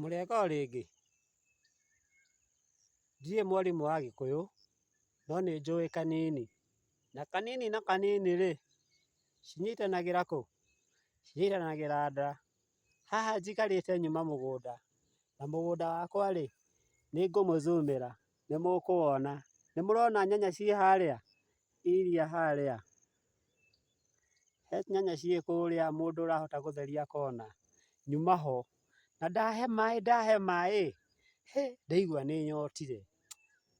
murega ringi ndirĩ mwarimu wa gĩkũyũ no ni njũĩ kanini, na kanini na kanini rĩ, cinyitanagĩra kũ? Cinyitanagĩra nda. Haha njikarĩte nyuma mũgũnda, na mũgũnda wakwa rĩ, nĩ ngũmũthumĩra ni mũkũwona. ni murona nyanya ciĩ harĩa? Iria haria He nyanya ciĩ kũrĩa mundu rahota gũtheria kona nyuma ho. na ndahe maĩ ndahe maĩ he ndaigua nĩ nyotire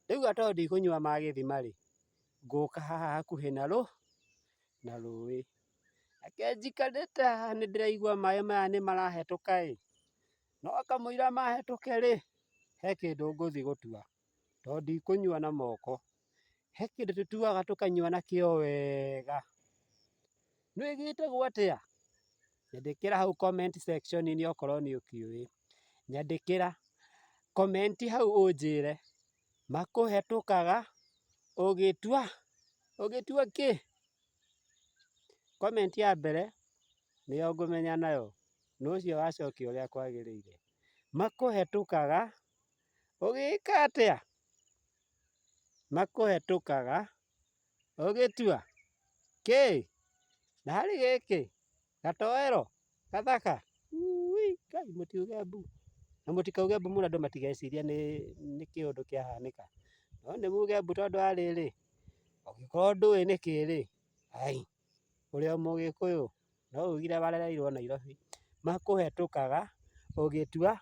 ndaigua to ndi kunywa ma gĩthima rĩ ngũka haha hakuhĩ na rũ na rũĩ akenjikarĩte haha nĩ ndĩraigua maĩ maya nĩ marahetũka ĩ no kamũira mahetũke rĩ he kĩndũ ngũthiĩ gũtua to ndi kũnyua na moko he kĩndũ tũtuaga tũkanyua na kĩo wega nĩ wĩgĩte gwatĩa nyandĩkĩra hau comment section -inĩ okorwo nĩ ũkĩũĩ, nyandĩkĩra, comment hau ũnjĩre, makũhetũkaga ũgĩtua, ũgĩtua kĩ? Comment ya mbere nĩyo ngũmenya nayo nũ ũcio wacokia ũrĩa kwagĩrĩire. Makũhetũkaga ũgĩka atĩa? Makũhetũkaga ũgĩtua kĩ? Na harĩ gĩkĩ. gatoero gathaka kai muti ugembu na mutikaugembu muno andu matigeciria ni kiundu kiahanika no ni mugembu tondu ariri ungikorwo ndui ni kiri ai uri o mugikuyu no ugire warereirwo Nairobi makuhetukaga ugitua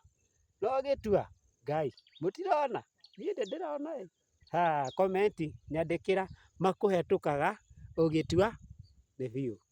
no gitua ngai mutirona nie ndirona i ha komenti nyandikira makuhetukaga ugitua ni biu